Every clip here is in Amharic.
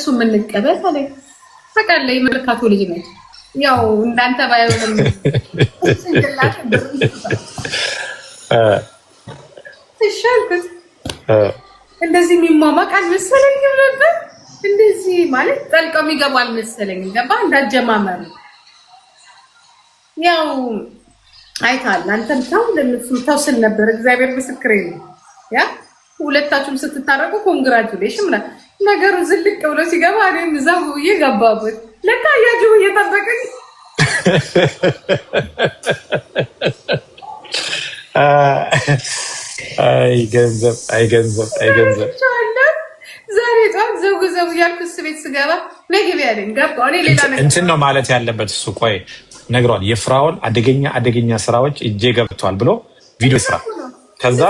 እሱ የምንቀበል አለኝ። ታውቃለህ የመለካቱ ልጅ ነች። ያው እንዳንተ ባይሆንም ትሻልኩት እንደዚህ የሚሟሟቅ አልመሰለኝም ነበር። እንደዚህ ማለት ጠልቀው የሚገቡ አልመሰለኝም። ገባ እንዳጀማመሩ ያው አይታል አንተም ተው ለነሱም ስል ነበር። እግዚአብሔር ምስክሬ ነው። ያ ሁለታችሁም ስትታረቁ ኮንግራቱሌሽን ምናምን ነገሩ ዝልቅ ብሎ ሲገባ እኔም እዛ ብዬ ገባበት። ለካ እያጅሁ እየጠበቀኝ አይ ገንዘብ አይ ገንዘብ አይ ገንዘብ ዛሬ ጠዋት ዘጉ ዘጉ እያልኩ እሱ ቤት ስገባ መግቢያ ያለኝ ገባሁ። እኔ ሌላ ነገር እንትን ነው ማለት ያለበት እሱ ቆይ ነግሯል። የፍራውን አደገኛ አደገኛ ስራዎች እጄ ገብቷል ብሎ ቪዲዮ ስራ ከዛ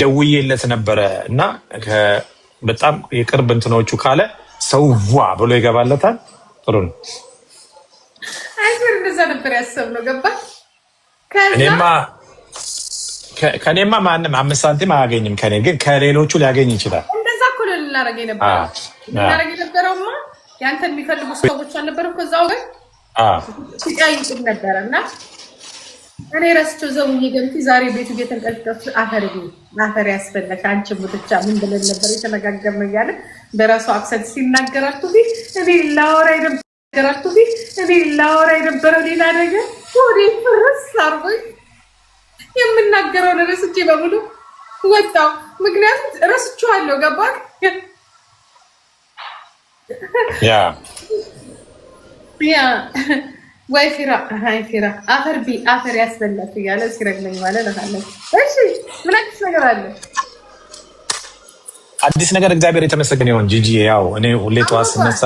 ደውዬለት ነበረ እና በጣም የቅርብ እንትኖቹ ካለ ሰው ዋ ብሎ ይገባለታል። ጥሩ ነው። እንደዛ ነበር ያሰብነው። ገባ ከኔማ ማንም አምስት ሳንቲም አያገኝም ከኔ ግን ከሌሎቹ ሊያገኝ ይችላል። እንደዛ እኮ የነበረውማ ያንተ የሚፈልጉ ሰዎች አልነበረም። ከዛው ግን ሲጠይቅ ነበረ እና እኔ ረስቸው ዘሙ ሄደምቲ ዛሬ ቤቱ እየተንቀጥቀሱ አፈር አፈር ያስፈለሽ አንቺ ሙትቻ ምን ብለን ነበር የተነጋገርነው? እያለ በራሱ አክሰንት ሲናገራቱ ቢ እኔ ላወራ የነበራቱ ቢ እኔ ላወራ የነበረው ሌላ ነገር ወደ ፍርስ አርጎኝ የምናገረውን ረስቼ በሙሉ ወጣው። ምክንያቱም ረስቼዋለሁ። ያ ያ ወይ ፊራ አይ ፊራ አፈር ቢ አፈር ያስበላት እያለ ሲረግለኝ ማለት ነው። እሺ ምን አዲስ ነገር አለ? አዲስ ነገር እግዚአብሔር የተመሰገነ ይሁን። ጂጂ ያው እኔ ሁሌ ጠዋት ስነሳ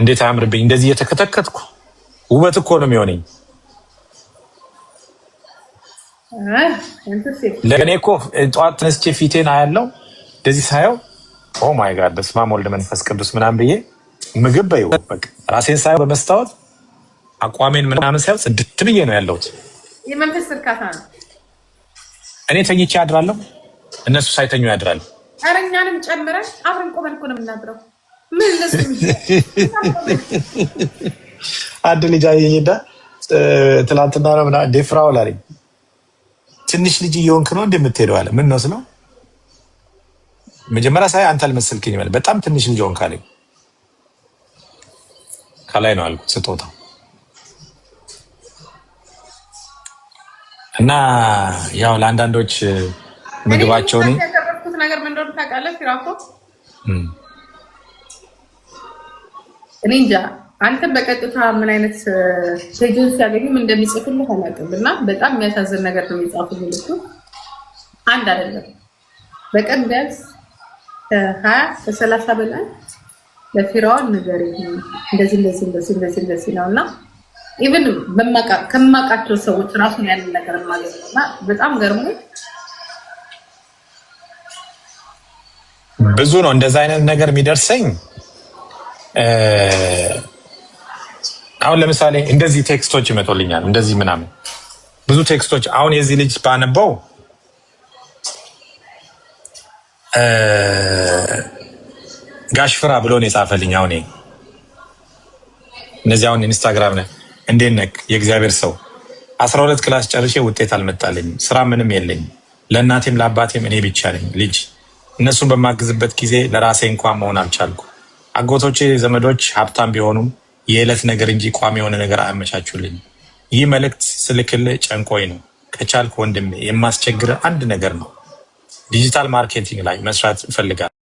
እንዴት አያምርብኝ እንደዚህ እየተከተከትኩ ውበት እኮ ነው የሚሆነኝ። ለእኔ እኮ ጠዋት ተነስቼ ፊቴን አያለው እንደዚህ ሳየው ኦ ማይ ጋድ በስመ አብ ወልድ መንፈስ ቅዱስ ምናምን ብዬ ምግብ በይው በቃ ራሴን ሳየው በመስታወት አቋሜን ምናምን ሳይሆን ጽድት ብዬ ነው ያለሁት። የመንፈስ እርካታ ነው። እኔ ተኝቼ ያድራለሁ፣ እነሱ ሳይተኙ ያድራሉ። ኧረ እኛንም ጨምረን አብረን ቆመን እኮ ነው የምናድረው። ምን አንድ ልጅ አየኝና ትላንትና ነው ምናምን ዴፍራውል አለኝ። ትንሽ ልጅ እየሆንክ ነው እንደምትሄደው አለ። ምን ነው ስለው መጀመሪያ ሳይ አንተ አልመሰልክኝ፣ በጣም ትንሽ ልጅ ሆንክ አለኝ። ከላይ ነው አልኩት ስጦታው እና ያው ለአንዳንዶች ምግባቸውን ያደረኩት ነገር ምን እንደሆነ ታውቃለህ? ፊራቶ እኔ እንጃ አንተም በቀጥታ ምን አይነት ፔጅን ሲያገኙ ምን እንደሚጽፉልህ አላውቅም። እና በጣም የሚያሳዝን ነገር ነው የሚጻፉ ልቱ አንድ አይደለም፣ በቀን ቢያንስ ከሀያ ከሰላሳ በላይ ለፊራዋን ነገር እንደዚህ እንደዚህ እንደዚህ እንደዚህ እንደዚህ ነው እና ኢቨን ከማውቃቸው ሰዎች ራሱ ያንን ነገር ማገኘ እና በጣም ገርሞ ብዙ ነው እንደዛ አይነት ነገር የሚደርሰኝ። አሁን ለምሳሌ እንደዚህ ቴክስቶች ይመጡልኛል፣ እንደዚህ ምናምን ብዙ ቴክስቶች። አሁን የዚህ ልጅ ባነበው ጋሽ ፍራ ብሎ ነው የጻፈልኝ። አሁን እነዚህ አሁን ኢንስታግራም ነው እንዴት ነክ የእግዚአብሔር ሰው? አስራ ሁለት ክላስ ጨርሼ ውጤት አልመጣልኝም። ስራ ምንም የለኝም። ለእናቴም ለአባቴም እኔ ብቻ ነኝ ልጅ። እነሱን በማግዝበት ጊዜ ለራሴ እንኳን መሆን አልቻልኩ። አጎቶቼ ዘመዶች ሀብታም ቢሆኑም የዕለት ነገር እንጂ ቋሚ የሆነ ነገር አያመቻቹልኝ። ይህ መልእክት ስልክል ጨንቆይ ነው። ከቻልክ ወንድሜ የማስቸግር አንድ ነገር ነው። ዲጂታል ማርኬቲንግ ላይ መስራት እፈልጋለሁ።